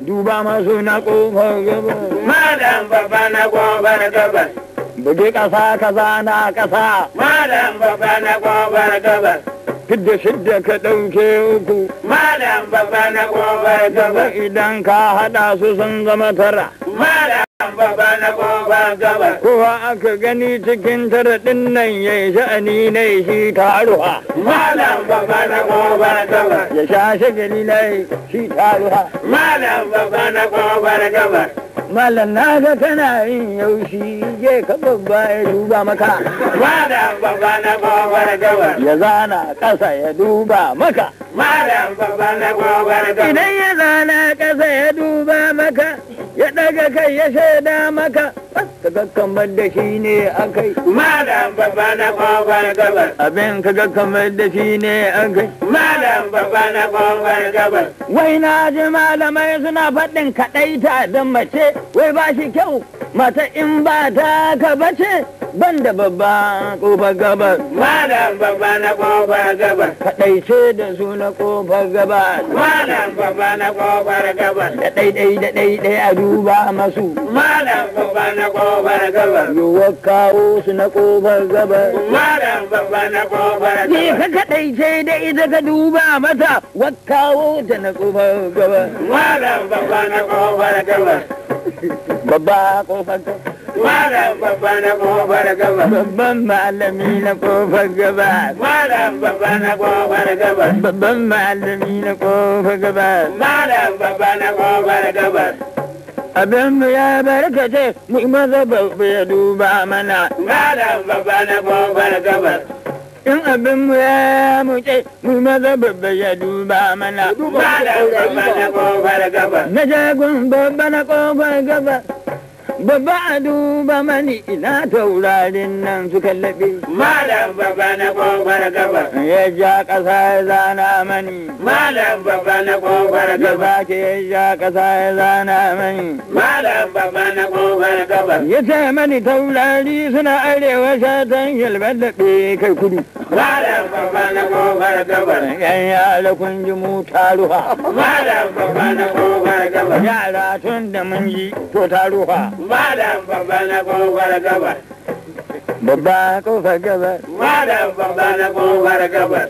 Duba masu na ƙofar gaba madam babba na ƙofar gabas. Buge ƙasa kaza na ƙasa. madam babba na ƙofar gaba Fidda shidda ka ɗauke uku. madam babba na ƙofar gaba Idan ka haɗa su sun zama tara. Malam Kowa aka gani cikin taradin nan ya yi sha'ani na yi shi taruwa. Malam baba na kowa gaba. Ya sha shagali na yi shi taruwa. Malam baba na kowa gaba. malam na ga kana yin yaushi je ka babba ya duba maka malam babba na gobar gawar ya zana ƙasa ya duba maka malam babba na gobar gawar idan ya zana ƙasa ya duba maka ya ɗaga kai ya shaida maka ga kamar da shi ne akai malam baba na kofar gabar abin kaga kamar da shi ne akai malam baba na kofar gabar wai na ji malamai suna faɗin kaɗaita da mace wai ba shi kyau mata in ba ta ka bace ban da babba kofar gabas. Malam babba na kofar gabas. Kaɗaice da su na kofar gabas. Malam babba na kofar gabas. Da ɗaiɗai da ɗaiɗai a duba masu. Malam babba na kofar gabas. Yiwuwar kawo su na kofar gabas. Malam babba na kofar gabas. Ni ka kaɗaice da ita ka duba mata. Wakawo ta na kofar gabas. Malam babba na kofar gabas. Babba kofar gabas. Malam babba na kofar gaba. Babban malami na kofar gaba. Malam babba na kofar gaba. Babban malami na kofar gaba. Malam babba na kofar gaba. Abin ya ce mu maza babba ya duba mana. Malam babba na kofar gaba. In abin mu ya muke mu maza babba ya duba mana. Malam babba ko kofar gaba. Na jagun babba na kofar Baba a duba mani ina taurarin nan suka laɓe. Malam baba na ƙofar gaba. Ya ja ƙasa ya zana mani. Malam baba, na ƙofar gaba. Ya sake ya ja ƙasa ya zana mani. Malam baba, na ƙofar gaba. Ya ce mani taurari suna arewa shatan yalbar laɓe kai kudu. Malam baba, na ƙofar gaba. Yan yara kun ji mu taruwa. Malam baba, na ƙofar gaba. Yara tun da mun yi to taruwa. malam babba na kofar gabar babba kofar gabar malam babba na gabar